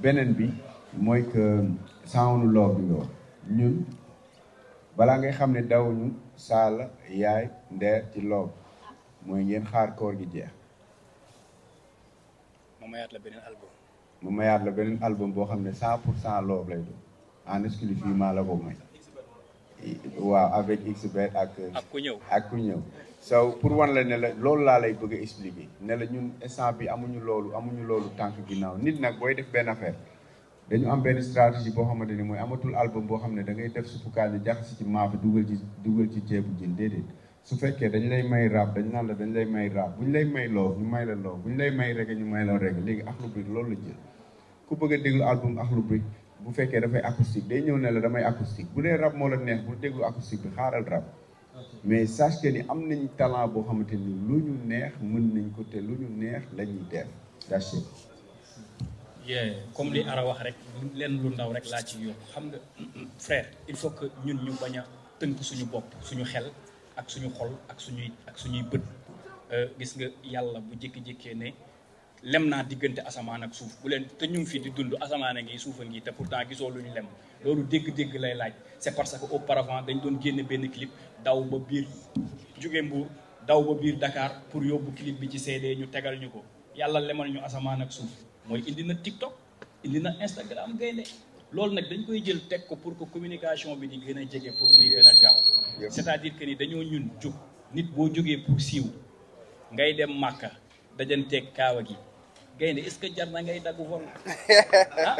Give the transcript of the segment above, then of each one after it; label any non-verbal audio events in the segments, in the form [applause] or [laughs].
beneen bi mooy que sànnu loor bi nga wax ñun balaa ngay xam ne dawuñu saala yaay ndeer ci loob mooy ngeen xaar koor gi jeex. ma mayaat la beneen album. ma mayaat la beneen album boo xam ne cent pour cent loob lay doon en exclusivement la ko may. waaw avec Xbet ak. ak ku ñëw ak ku ñëw. so pour wan la ne la loolu laa lay bëgg a expliquer ne la ñun instant bi amuñu loolu amuñu loolu tànk ginnaaw nit nag booy def benn affaire dañu am benn stratégie boo xamante ni mooy amatul album boo xam ne da ngay def suppu kaani jaxasi ci maafe dugal ci dugal ci ceebu jën déedéet su fekkee dañu lay may rap dañu naan la dañu lay may rap bu ñu lay may loo ñu may la loo bu ñu lay may rek ñu may la rek léegi Akhlou Brick loolu la jël ku bëgg a déglu album Akhlou Brick bu fekkee dafay acoustique day ñëw ne la damay acoustique bu dee rap moo la neex bu déglu acoustique bi xaaral mais sache que ni am nañ talent boo xamante ni lu ñu neex mën nañ ko te lu ñu neex la ñuy def sache comme li Ara wax rek leen lu ndaw rek laa ci yokk xam nga [clears throat] frère il faut que ñun ñu bañ a tënk suñu bopp suñu xel ak suñu xol ak suñuy ak suñuy bët euh, gis nga yàlla bu jëkk jékkee ne lem naa diggante asamaan ak suuf bu leen te ñu ngi fi di dund asamaan a ngi suufa ngi te pourtant gisoo lu ñu lem loolu dégg-dégg lay laaj c'est parce que auparavant dañ doon génne benn clip daw ba biir jóge Mbour daw ba biir dakaar pour yóbbu clip bi ci CD ñu tegal ñu ko yàlla lemal ñu asamaan ak suuf mooy indi na TikTok indi na Instagram gaynde loolu nag dañ koy jël teg ko pour que communication bi di gën a jege pour muy a gaaw c'est-à-dire que ni dañoo ñun jóg nit boo jógee pour siiw ngay dem màkka dajanteeg kaawa gi gaynde est-ce que jar na ngay dagg vol [laughs] ah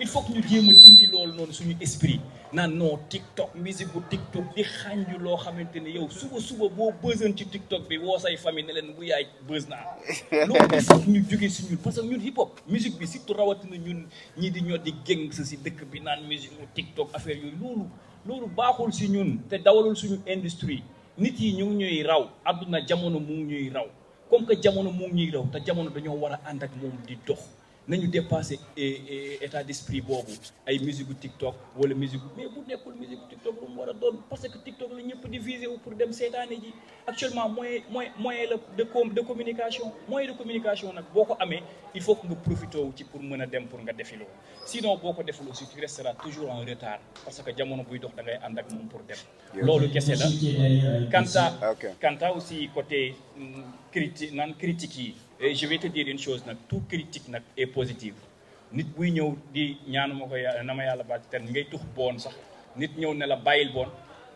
il faut ñu jéem a dindi loolu noonu suñu esprit naan noo non TikTok musique bu TikTok di xànju loo xamante ne yow suba suba boo bësan ci TikTok bi woo say famille ne leen bu yaay bës naa [laughs] loolu il faut que ñu jógee si ñun parce que ñun hip hop musique bi surtout rawatina ñun ñii di ñoo di géng sa si dëkk bi naan musique bu TikTok affaire yooyu loolu loolu baaxul si ñun te dawalul suñu industrie nit yi ñu ngi ñuy raw àdduna jamono mu ñuy raw comme que jamono mu ngi ñuy daw te jamono dañoo war a ànd ak di dox. nañu dépassé état d'esprit boobu ay musique gu TikTok wala musique mais bu nekkul musique gu TikTok lu mu war a doon parce que TikTok la ñëpp di visé wu pour dem seetaane ji actuellement moyen moyen moyen la de communication moyen communication nag boo ko amee il faut que nga profité wu ci pour mën a dem pour nga defi loolu sinon boo ko deful aussi tu resteras toujours en retard parce que jamono buy dox da ngay ànd ak moom pour dem. loolu kese la Kanta Kanta aussi coté mm, critique naan critique yi. et je vais te dire une chose tout critique nag est positive nit buy ñëw di ñaanu ma ko yàlla na ma yàlla baal ci terme ngay tux bon sax nit ñëw ne la bàyyil bon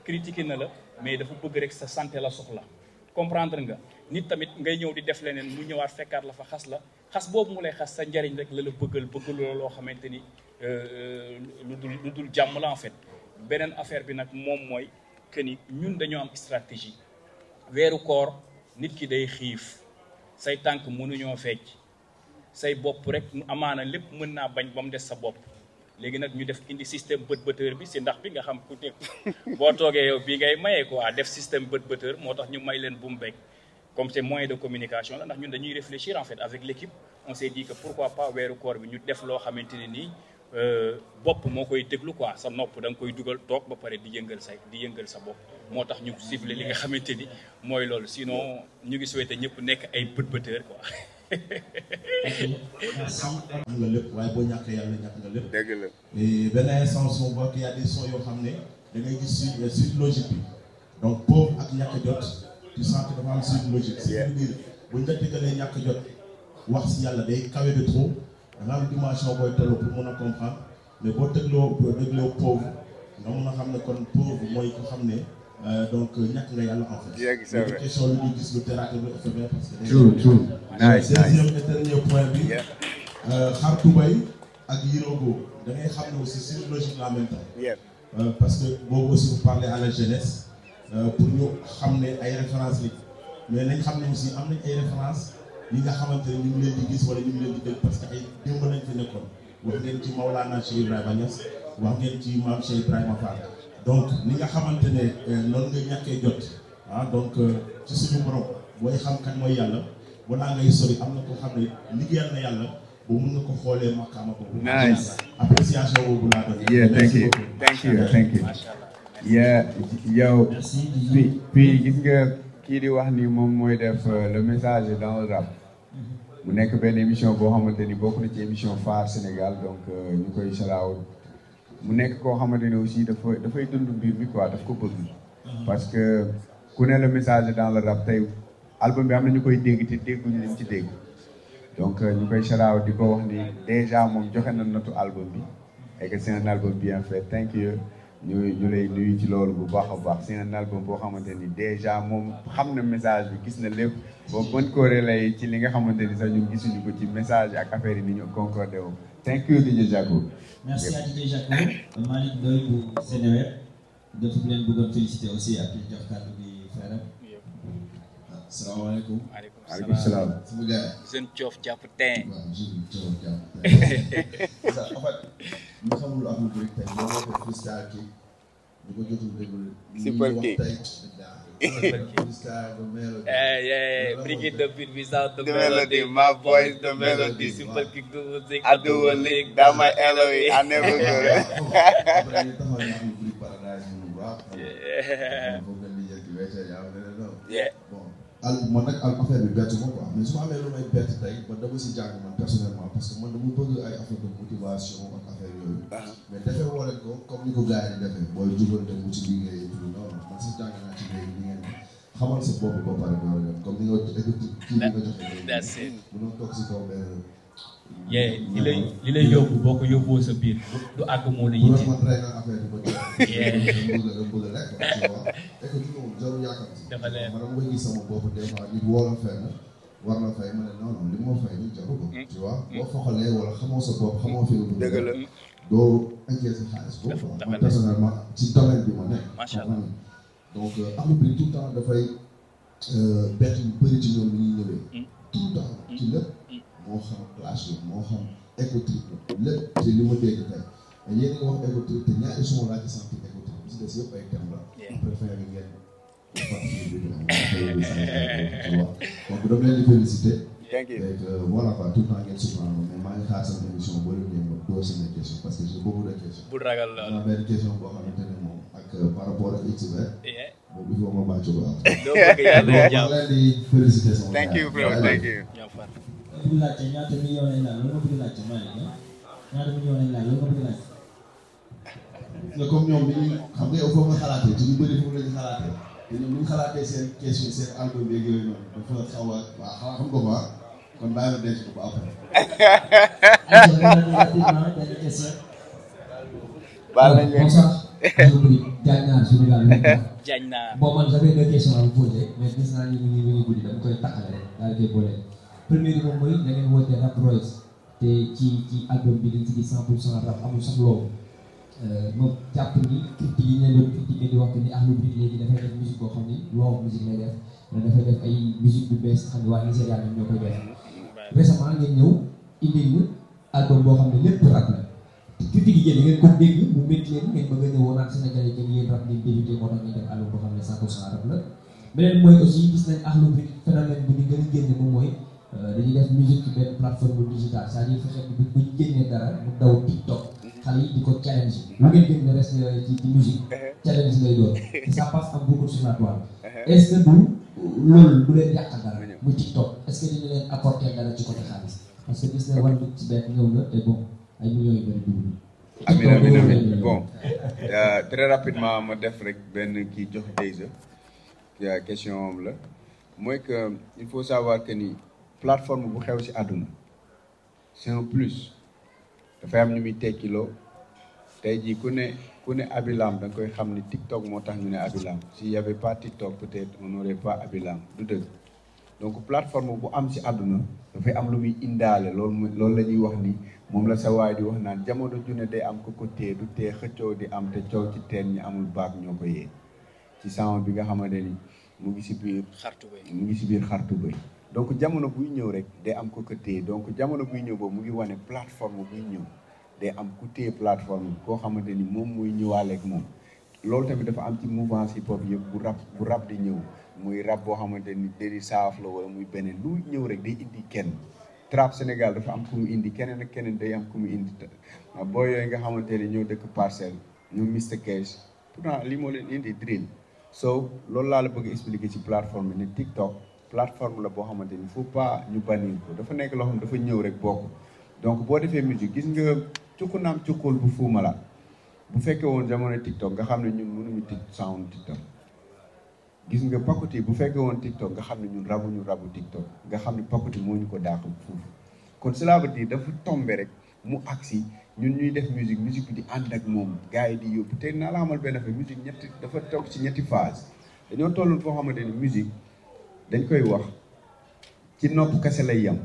critiqué na la mais dafa bëgg rek sa santé la soxla comprendre nga nit tamit ngay ñëw di def leneen mu ñëwaat fekkaat la fa xas la xas boobu mu lay xas sa njariñ rek la la bëggal bëggal loo xamante ni euh, euh, lu dul lu dul jàmm la en fait beneen affaire bi nag moom mooy que ni ñun dañoo am stratégie weeru koor nit ki day xiif say tànk mënuñoo fecc say bopp rek mu amaana lépp mën naa bañ ba mu des sa bopp léegi nag ñu def indi système bët bëtër bi si ndax bi nga xam ku nekk [laughs] boo toogee yow bii ngay mayee quoi def système bët bëtër moo tax ñu may leen bu mu bekk comme c'est moyen de communication la ndax ñun dañuy réfléchir en fait avec l'équipe on s'est dit que pourquoi pas weeru koor bi ñu def loo xamante ne nii Euh, bopp moo koy déglu quoi sa nopp danga koy dugal toog ba pare di yëngal sa di yëngal sa bopp moo tax ñu ciblé li nga xamante ni mooy loolu sinon ñu ngi souhaité ñëpp nekk ay bët-bëtër quoi. am nga lépp waaye yàlla ñàkk nga lépp. dëgg la. benn instant soo bokk y a xam ne da ngay gis suite euh, suite logique bi donc pauvre ak ñàkk jot tu sens que dafa am suite bu ñu la diggalee ñàkk jot wax si yàlla day kawe trop. danga am dimension booy tollu pour mun a comprendre mais boo dégloo boo dégloo pauvre nga mun a xam ne kon pauvre mooy ko xam ne euh, donc ñàkk nga yàlla en fait. jërëjëf bi. Euh, xar tubay ngay xam ne euh, parce que boobu aussi vous parlez à ne ay références lañ mais nañ xam ne am nañ ay références. ñi nga xamante ne ñu ngi leen di gis wala ñu ngi leen di dégg parce que ay démb nañ fi nekkoon wax ngeen ci Maolana Cheikh Ibrahima Niass wax ngeen ci maam Cheikh Ibrahima Fall donc ni nga xamante ne euh, noonu nga ñàkkee jot ah donc euh, ci suñu borom booy xam kan mooy yàlla balaa ngay sori am na ko xam ne liggéeyal na yàlla ba mun nga ko xoolee makaama boobu. nice appréciation boobu laa doon. yeah thank you thank you thank you. yeah yow. puis puis gis nga. kii di wax ni moom mooy def euh, le message dans le rap mu nekk benn émission boo xamante ni bokk na ci émission phare Sénégal donc euh, ñu koy salaaw mu nekk koo xamante ni aussi dafa dafay dund mbir mi quoi daf ko bëgg parce que ku ne le message dans le rap tey album bi am na ñu koy dégg te dégguñu ci dégg donc euh, ñu koy salaaw di ko wax ni déjà moom joxe na notu album bi et que c'est un album bien fait thank you ñu ñu lay nuyu ci loolu bu baax a baax seen un album boo xamante ni déjà moom xam na message bi gis na lépp ba mën koo relay ci li nga xamante ni sax ñu gisuñu ko ci message ak affaire yi ni ñu concordé woo thank you DJ Jaco merci à DJ Jaco Malick Ndoye bu Seneweb dafa leen ak jox kàddu bi frère salaam sama gars jàpp teen [laughs] minister ki ñu ko jotul déglu super [laughs] eh, eh, eh, melody. melody. My voice, the melody. Super kick the do a lick. That my LOE. I never go. [laughs] Oh, yeah. yeah. al man nag al bi bett ma quoi mais su ma amee lu may bett tey man dama si jàng man personnellement parce que man dama bëgg ay affaire de motivation ak affaire yooyu. Ah. mais defee woo leen ko comme ni ko gars yi defee si jàng naa ci léegi ni ngeen xamal nga ko kii bi nga joxe sa biir [laughs] yaakaar ma dama koy gis sama bopp des fois nit woo la fenn war la fay ma ne non non li moo fay ni jaru ko mm. tu vois sa doo inquiété bi ma nekk donc euh, am bi tout le temps dafay euh, bett bëri ci ñoom ñuy ñëwee mm. tout le mm. ci lépp moo xam classe la moo xam écotrip la lépp ci li ma dégg tey yéen nga wax écotrip te ñaari suma laa ci sant écotrip bi si des yëpp ay thème la préféré ngeen donc dama leen di féliciter. voilà quoi tout le temps ngeen souvent mais maa ngi xaar seen émission boo leen ñëw ma ragal la am benn question ne moom ak euh, par rapport ak XVR. moom il faut ma bàcc ko am. donc leen di féliciter sama. thank you bro thank you. bi ñu ah? xam nga yow foofu foofu la ñu te ñun bu seen question seen album beeg yooyu noonu dafa xaw a waaw ko ba après. baal naa suñu naa bon man j'avais deux questions à vous poser mais gis naa ni ñu ngi guddi dama koy taxale daal di boole premier bi moom mooy da ngeen woote rap te ci album bi liñ ci gis cent pour cent rap amul sax loolu Euh, ma jàpp ni tuuti yi ñu ne doon tuuti ngeen di wax que ni Akhlou Brick léegi dafay def musique boo xam ni lool musique lay def dafay def ay musique bu bees xam ne waa Nigéria ñoom ñoo koy def boo xam ne lépp rap la critique yi yéen ngeen ko dégg mu a ñëwoon ak def la beneen mooy aussi gis nañ a génne moom mooy euh, dañuy def musique ci benn plateforme digitale c'est-à-dire fexe bu ñu génnee dara mu daw TikTok xale di ko challenge lu ngeen génn rek ci ci musique uh-huh. challenge lay doon [laughs] te ça passe en sur la toile uh-huh. est ce que du loolu du leen yàqal dara muy TikTok est ce que leen apporter dara ci côté xaalis parce que gis na wan bi ci benn ñëw na te bon euh, ma def rek benn kii jox Deysa euh, question am la mooy que il faut savoir que ni plateforme bu xew si àdduna c'est un plus dafay am ñu muy tekkiloo tey jii ku ne ku ne Abilam da nga koy xam ni TikTok moo tax ñu ne Abilam si y avait pas TikTok peut-être on pas Abilam du dëgg donc plateforme bu am si àdduna dafay am lu muy indaale loolu loolu la ñuy wax ni moom la sa waay di wax naan jamono junne day am ko ko tee du tee xëccoo di am te coow ci teen ñi amul baag ñoo ko yee ci sama bi nga xamante ni mu ngi si biir xartu bay mu ngi si biir xartu bay donc jamono buy ñëw rek day am ko ko donc jamono buy ñëw boobu mu ngi wane plateforme buy ñëw day am ku téye plateforme bi koo xamante ni moom mooy ñëwaaleeg moom loolu tamit dafa am ci mouvance hip hop yëpp bu rap bu rab di ñëw muy rab boo xamante ni déri saaf la wala muy beneen lu ñëw rek day indi kenn trap Sénégal dafa am ku mu indi keneen ak keneen day am ku indi boo yooyu nga xamante ne ñoo dëkk parcelle ñu Mr Cash pourtant li moo leen indi drill so loolu laa la bëgg expliquer ci plateforme bi ne TikTok plateforme la boo xamante ni foofu pas ñu bannir ko dafa nekk loo xam dafa ñëw rek bokk donc boo defee musique gis nga cukku naam cukkul bu fuuma fuumala bu fekkee woon jamono TikTok nga xam ne ñun mënuñu tik sound TikTok gis nga Pakuti bu fekkee woon TikTok nga xam ne ñun rabuñu rabu TikTok nga xam ne Pakuti moo ñu ko dàq foofu kon cela veut dafa tombe rek mu agsi ñun ñuy def musique musique bi di ànd ak moom gars yi di yóbbu te naa la xamal benn affaire musique ñetti dafa toog ci ñetti phase dañoo tolloon foo xamante ni musique dañ koy wax ci nopp kase lay yem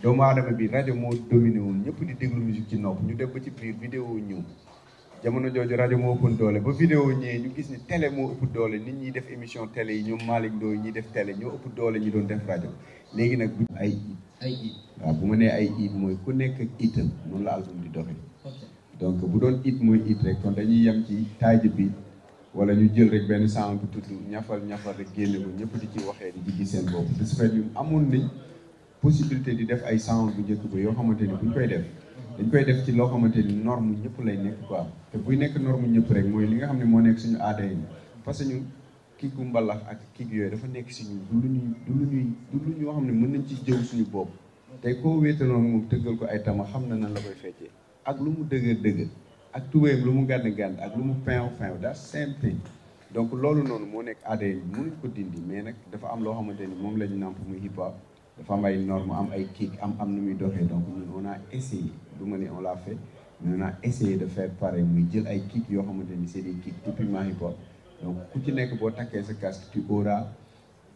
doomu aadama bi rajo moo dominé woon ñëpp di déglu musique ci nopp ñu def ba ci biir vidéo ñëw jamono jooju rajo moo ëppoon doole ba vidéo ñëwee ñu gis ni télé moo ëpp doole nit ñi def émission télé yi ñoom Malick Ndoye ñuy def tele ñoo ëpp doole ñu doon def rajo léegi nag bu ay iid ay bu ma nee ay iid mooy ku nekk ak itam noonu la album di doxee donc bu doon iid mooy iid rek kon dañuy yem ci taaj bi wala ñu jël rek benn sound bu tudd ñafal ñafal rek génne ko ñëpp di ci waxee di ci gis seen bopp de ce fait ñun amoon nañ possibilité di def ay sound bu njëkk ba yoo xamante ni bu ñu koy def dañ koy def ci loo xamante ni norme ñëpp lay nekk quoi te buy nekk norme ñëpp rek mooy li nga xam ne moo nekk suñu aada yi parce que ñun kiiku mbalax ak kiik yooyu dafa nekk si ñun du lu ñuy du lu ñuy du lu ñoo xam ne mën nañ ci jëw suñu bopp tey koo wéetaloon moom tëggal ko ay tama xam na nan la koy feccee ak lu mu dëgër dëgër ak tubéyam lu mu gànn gànn ak lu mu fin fin daa simple donc loolu noonu moo nekk ADN bi mënuñ ko dindi mais nag dafa am loo xamante ni moom la ñu nàmp muy hip hop dafa am ay norme am ay kick am am nu muy doxee donc ñun on a essayé du ma ne on l'a fait mais on a de faire muy jël ay kick yoo xamante ni c'est des kicks typiquement hip hop donc ku ci nekk boo takkee sa casque tu auras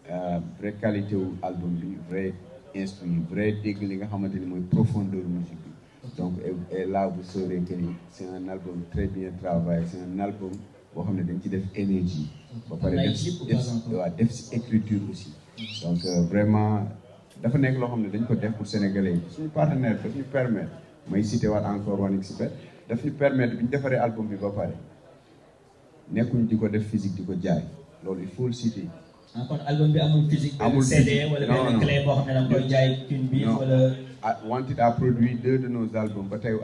euh, vraie qualité wu album bi vrai instru yi vrai dégg li nga xamante ni mooy profondeur musique bi donc et là bu sóoree que ni c' est un album très bien travaillé c' est un album boo xam ne dañ ci def énergie. ba pare def si waaw def si écriture aussi. donc euh, vraiment dafa nekk loo xam ne dañ ko def pour sénégalais yi suñu partenaire daf ñu permettre may cité waat encore One X-Bet daf ñu permettre bi ñu defaree album bi ba pare nekkuñ di ko def physique di ko jaay loolu il faut le citer. ah kon album bi amul physique. amul CD wala benn clé boo xam ne da nga koy jaay tune bi wala. wantit a produit deux de nos albums ba tey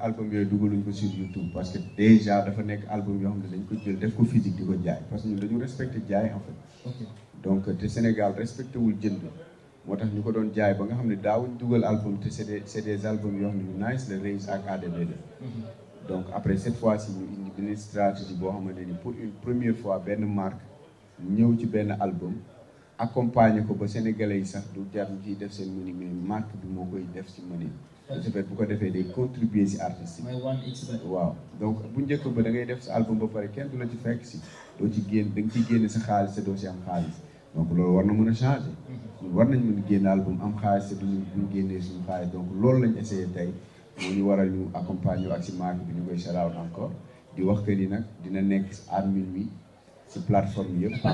album yooyu dugaluñ ko sur YouTube parce que déjà dafa nekk album yoo xam ne dañ ko jël def ko physique di ko jaay parce que ñun dañu respecté jaay en fait donc te Sénégal respecté wul jënd moo tax ñu ko doon jaay ba nga xam ne daawuñ dugal album te c'est des c'est des albums yoo xam ne yu nice la Reis ak ADB la donc après cette fois ci ñu indi benn stratégie boo xamante ni pour une première fois benn marque ñëw ci benn album accompagner ko ba sénégalais yi sax du jar ñu ciy def seen mëni mais marque bi moo koy def ci mëni su fekkee bu ko defee de contribuer si artiste yi waaw donc bu njëkk ba dangay ngay def sa album ba pare kenn du la ci fekk si doo ci génn da nga ciy génn sa xaalis te doo si am xaalis donc loolu war na mën a changer mhm. war nañ mën génn album am xaalis te duñu duñ génnee suñu xaalis donc loolu lañu essayé tey moo ñu waral ñu accompagner ak si marque bi ñu koy salaw encore di wax que ni nag dina nekk à minuit ci plateforme yëpp.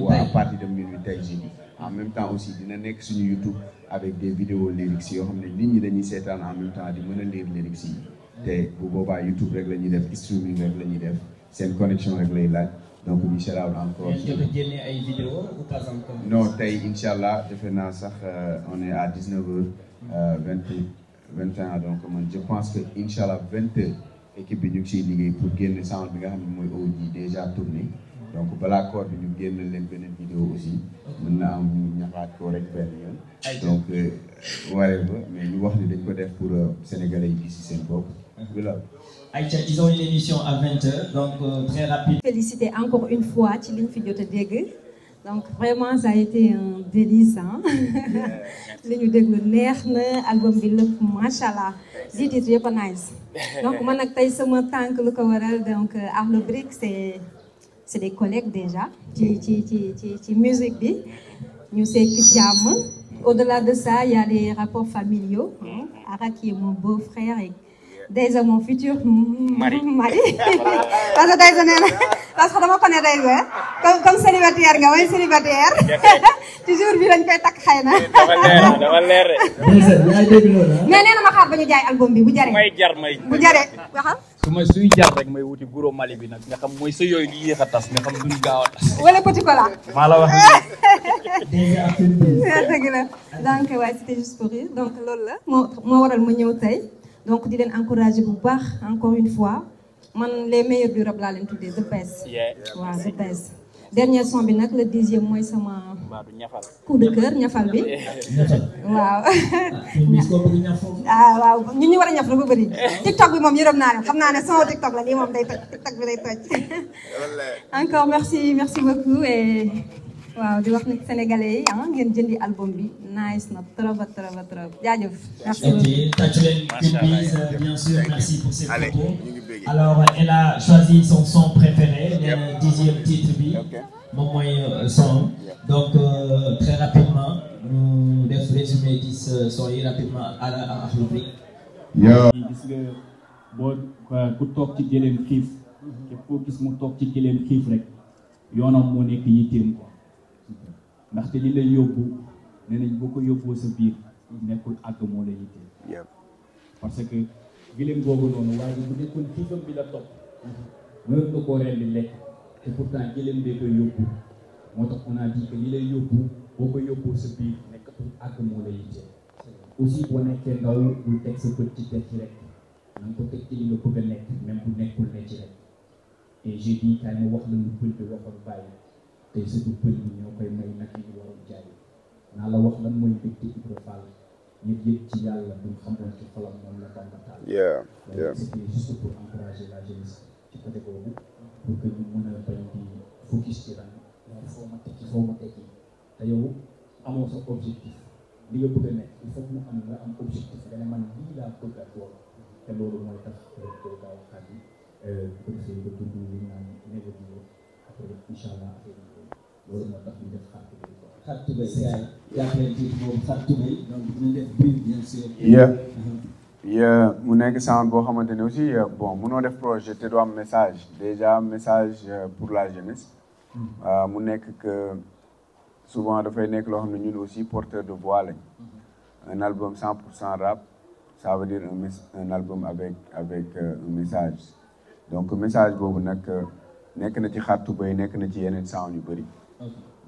waaw à partir de minuit tey jii en même temps aussi dina nekk suñu YouTube avec des vidéos lyrics yoo xam ne nit ñi dañuy seetaan en même temps di mën a lire lyrics yi te bu boobaa YouTube rek la ñuy def streaming rek la ñuy def seen connexion rek lay laaj donc incha allah encore. génne ay vidéos ou pas tey incha allah defe naa sax euh, on est à 19 heures 20 euh, 21 donc man je pense que incha allah 20 heures bi ñu si liggéey pour génne sound bi nga xam ne mooy audio déjà tourné. donc balaa koor bi ñu génn leen beneen vidéo aussi mën naa am ñu ñaxaat ko rek benn yoon donc euh, waree ba mais ñu wax ni dañ ko def pour euh, sénégalais yi gis si seen bopp mhm. voilà Aïcha ils ont une émission à 20h euh, féliciter encore une fois ci liñ fi jot a dégg donc vraiment ça a été un délice [laughs] li ñu déglu neex na album bi lépp macha allah dix titres yëpp a [laughs] donc man nag tey sama tànk lu ko waral donc Akhlou Brick c'est c'est des collègues déjà ci ci ci ci ci musique bi ñu sekk jàmm au-delà de ça il y a les rapports familiaux Ara qui est beau-frère et Deyza mon futur [laughs] mari parce que Deyza nee na parce que dama ko comme comme nga way célibataire [laughs] ci bi lañ koy takk xëy na. dama leer dama leer ah? mais nee na ma xaar ba ñu jaay album bi bu jaree. may jar may bu jaree su ma suy jaar rek may wuti guro Mali bi nag nga xam mooy sa yooyu di yéex a tas nga xam duñ gaaw a tas. wala petit cola. maa la wax. [laughs] dëgg la donc waaye c'était juste pour rire donc loolu la moo moo waral ma ñëw tey donc di leen encourager bu baax encore une fois man les meilleurs du rap laa leen tuddee the best. waaw the best. dernier son bi nag le dixième mooy sama coup de cœur ñafal bi [laughs] waaw [laughs] ah waaw ñu ñu war a ñaf na ba bëri tiktok bi moom yërëm naa leen xam naa ne son tiktok la lii moom day toj tiktok bi day toj [laughs] encore merci merci beaucoup waaw di wax nag sénégalais yi ah ngeen jëndi album bi nice na trop trop trop jaajëf. merci beaucoup euh, bien sûr merci pour ces propos. alors elle a choisi son son préféré le dixième titre bi moom mooy euh, son donc euh, très rapidement ñu def résumé di euh, son yi rapidement à la à la gis nga boo ku toog ci jëleen xiif képp koo gis mu toog ci jëleen xiif rek yoonam moo nekk yitteem ko ndaxte li lay yóbbu nee nañ boo ko yóbboo sa biir nekkul àgg moo lay yittee parce que gileem boobu noonu waaye bu nekkoon kiifam bi la topp mënoon nga koo rendi lekk te pourtant gileem bee koy yóbbu moo tax on a dit que li lay yóbbu boo ko yóbboo sa biir nekkatul àgg moo lay yittee aussi boo nekkee ndaw bul teg sa bët ci teg ci rek na nga ko teg ci li bëgg a nekk même bu nekkul ne ci rek et j'ai dit kaay ma wax la lu bëri waxoon bàyyi tey surtout pël bi ñoo koy may nag yi ñu waroon naa la wax lan mooy mbégte Ibra Fall yëg yëg ci yàlla bu mu xamoon ci xolam moom la Bamba taal. a bañ objectif li nga bëgg a nekk il faut mu am nga am objectif nga ne man lii laa bëgg a doon te loolu mooy tax rek doo gaaw a xàddi euh, bu ko defee nga dund li naan négatif après loolu moo uh-huh. mu nekk san boo xamante ne aussi bon munoo def projet te doo am message déjà message euh, pour la jeunesse. Mm-hmm. Euh, mu nekk que souvent dafay nekk loo xam ne ñun aussi porteur de voix lañ. Mm-hmm. un album 100 pour cent rab ça veut dire un un album avec avec euh, un message donc message boobu nag nekk na ci xar tubéy nekk na ci yeneen san yu bëri.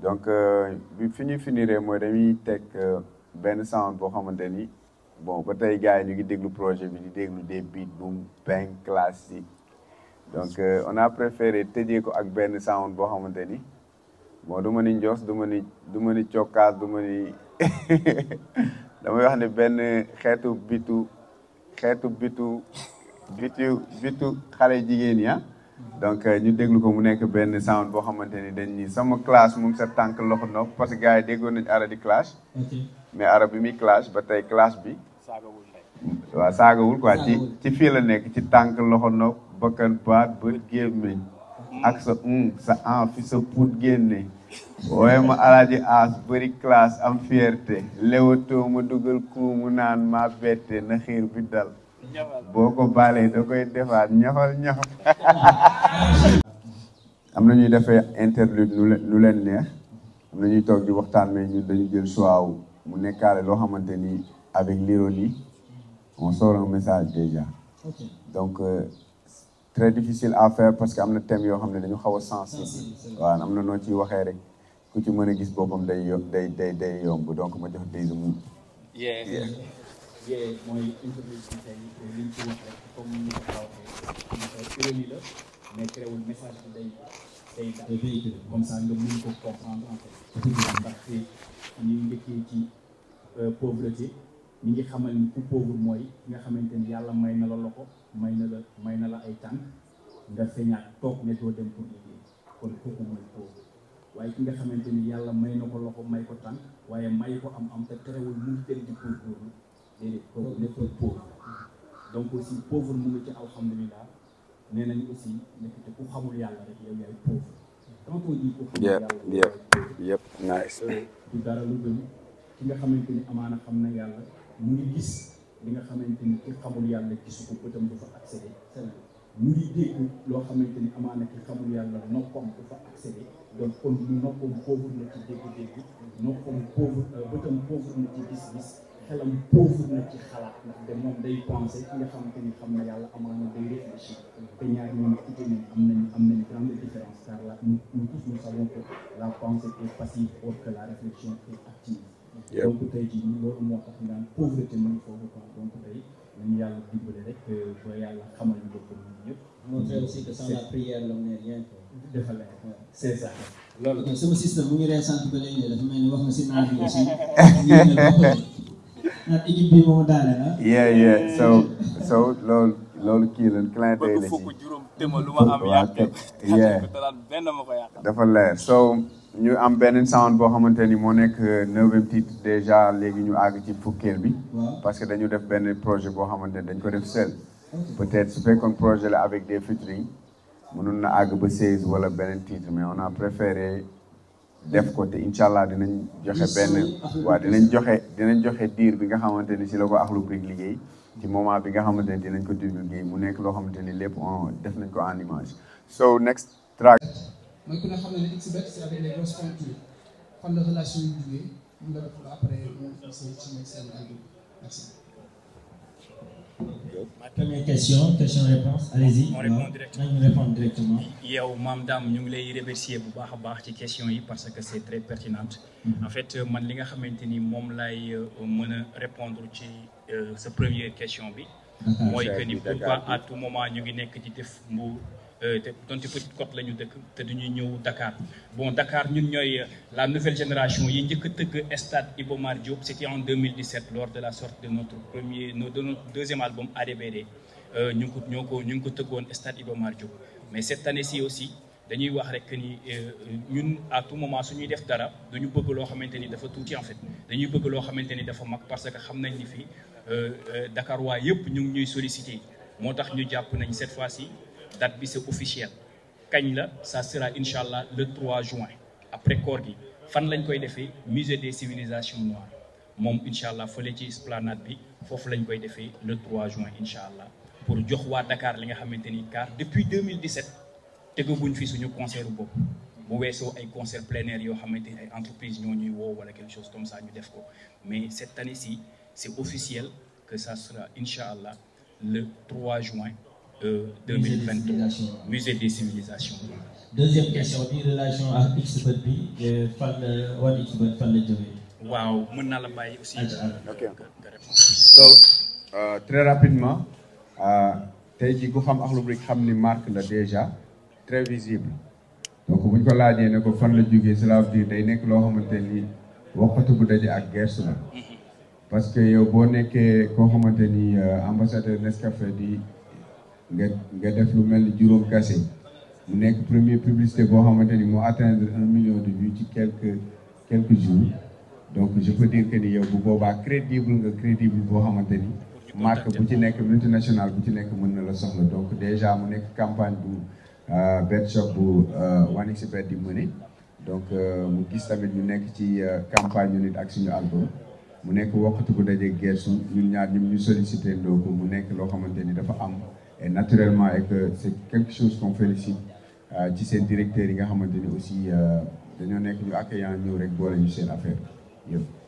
donc euh, bi fi ñuy finiree mooy dañuy teg euh, benn sound boo xamante ni bon ba tey gars yi ñu ngi déglu projet bi di déglu des bu boom bang classique donc euh, on a préféré tëjee ko ak benn sound boo xamante ni bon du ma ni njoos du ma ni du ma ni cokkaas du ma [laughs] damay wax ne benn xeetu bitu xeetu bitu bitu bitu xale jigéen ñi ah. donc euh, ñu déglu ko mu nekk benn sound boo xamante ni dañ sama clash moom sa tànk loxo nopp parce que gars yi déggoon nañu ara di clash mais ara bi muy clash ba tey clash bi waaw saagawul quoi ci ci fii la nekk ci tànk loxo nopp bakkan baat bët gémmiñ ak sa un hmm, sa en sa puut génne wooye ma alaaji aas bëri classe am fierté léwatoo ma dugal kuu mu naan maa bette na xiir bi dal boo ko baalee da koy defaat ñaxal ñaxal [laughs] am na ñuy defee interlude lu leen neex am na ñuy toog di waxtaan mais ñun dañu jël choix mu nekkaale loo xamante ni avec l'ironie on sort un message déjà donc euh, très difficile à faire parce que am na thème yoo xam ne dañu xaw a sensible waaw am na noo ciy waxee rek ku ci mën a gis boppam day day day day yomb donc ma jox day mu yee mooy introduction tey liñ la mais créewul bi day day day véhiculer comme ça nga ko comprendre en fait ndaxte ñu ngi njëkkee ci euh, ngi xamal ni ku pauvre nga xamante ni yàlla may na la loxo may na la may na ay tànk nga feñaat toog ne doo dem pour liggéey kooku mooy pauvre waaye ki nga xamante ni yàlla may na ko loxo may ko tànk waaye may ko am am te terewul mu tëdd di pour koy donc aussi pauvre mu ngi ci alhamdulilah nee nañu aussi nekk ku xamul yàlla rek yow yaay pauvre quand on dit yàlla yëpp euh, dara lu gën ki nga xamante ni amaana xam na yàlla mu ngi gis li nga xamante ni ki xamul yàlla gisu ko bëtam du fa accédé Sénégal mu ngi dégg loo xamante ni amaana ki xamul yàlla noppam du fa accédé donc kon noppam pauvre na ci dégg-dégg noppam pauvre euh, bëtam pauvre na ci gis-gis xelam pauvre na ci xalaat ndax de moom day pensé ki nga xamante ni xam na yàlla amaana day réfléchir te ñaar ñoom idée nañ am nañ am nañ grande différence car là nous tous nous savons que la pensée est passive or que la réflexion est active donc tey jii ñu loolu moo tax ngaan pauvreté mën foofu quoi donc tey nañu yàlla dimbale rek euh, ba yàlla xamal ñu bopp ñun ñëpp montrer aussi que sans la prière l'homme n'est rien quoi dafa la c'est ça loolu sama système mu ngi reen sant ba léegi dafa mel ni wax nga si naaj bi aussi [laughs] not équipe so so loolu loolu kii la clin d'œil la [laughs] dafa leer so ñu am beneen sound boo xamante ni moo nekk euh, neuvième titre déjà léegi ñu àgg ci fukkeel bi. parce que dañu def benn projet boo xamante ni dañ ko def seul. peut-être su fekkoon projet la avec des featuring mënoon na àgg ba seize wala beneen titre mais on a def ko te incha allah dinañ joxe benn waa danañ joxe dinañ joxe diir bi nga xamante ni si la ko Akhlou Brick liggéey ci moment bi nga xamante ni dinañ ko divulguer mu nekk loo xamante ni lépp on def nañ ko en image so next track première question question réponse allez-y. on répond directement nañu répondre directement. yow maam Dame ñu ngi lay remercier bu baax a baax ci question yi parce que c'est très pertinente. Mm-hmm. en fait man li nga xamante ni moom laay euh, mën a répondre ci euh, sa première question bi. mooy que ni pourquoi à tout moment ñu ngi nekk ci def mbuur Euh, te donte petite ñu dëkk te du ñuy ñëw Dakar bon dakaar ñun ñooy euh, la nouvelle génération yi njëkk a tëgg stade Iba Mar Diop c'était en 2017 lors de la sortie de notre premier de notre deuxième album ADBD euh, ñu ngi ko ñu ngi ko tëggoon stade Iba Mar Diop mais cette année-ci aussi dañuy wax rek ni ñun à tout moment suñuy def dara dañu bëgg loo xamante ni dafa tuuti en fait dañuy bëgg loo xamante ni dafa mag parce que xam nañ ni fii Dakar waa yëpp ñu ngi ñuy solliciter moo tax ñu jàpp nañ cet fois-ci date bi c'est officiel kañ la ça sera incha allah le 3 juin après koor gi fan lañ koy defee musée des civilisations noires moom incha allah fële ci esplanade bi foofu lañ koy defee le 3 juin incha allah pour jox waa Dakar li nga xamante ni car depuis 2017 tegaguñ fi suñu concert boobu bopp bu weesoo ay concert plein yoo xamante ni ay entreprise ñoo ñuy woo wala quelque chose comme ça ñu def ko mais cette année si c'est officiel que ça sera incha allah le 3 juin. Euh, deux mille vingt trois musée des civilisations deuxième question bi fan euh, la jógee. waaw mën naa la bàyyi aussi. ok euh, rapidement tey jii ku xam Akhlou Brick xam ni marque la déjà très visible donc bu ñu ko laajee ne ko fan la jógee cela veut dire day nekk loo xamante ni waxatu bu daje ak gerte la mhm. parce que yow boo nekkee ko xamante ni ambassadeur Nescafé di. nga nga def lu mel ni juróom kase mu nekk première publicité boo xamante ni moo atteindre un million de vues ci quelques quelques jours donc je peux dire que ni yow bu boobaa crédible nga crédible boo xamante ni marque bu ci nekk multinationale bu ci nekk mën na la soxla donc déjà mu nekk campagne bu euh, bet shop bu 1xBet euh, di mëne donc euh, mu gis tamit ñu nekk ci campagne ñu nit ak suñu album mu nekk waxtu bu dajee gersu ñun ñaar ñoom ñu sollicité ndoo mu nekk loo xamante ni dafa am et naturellement et que euh, c'est quelque chose qu'on félicite euh, ci seen directeur yi nga xamante ni aussi euh, dañoo nekk ñu accueillant ñëw rek boole ñu seen affaire yëpp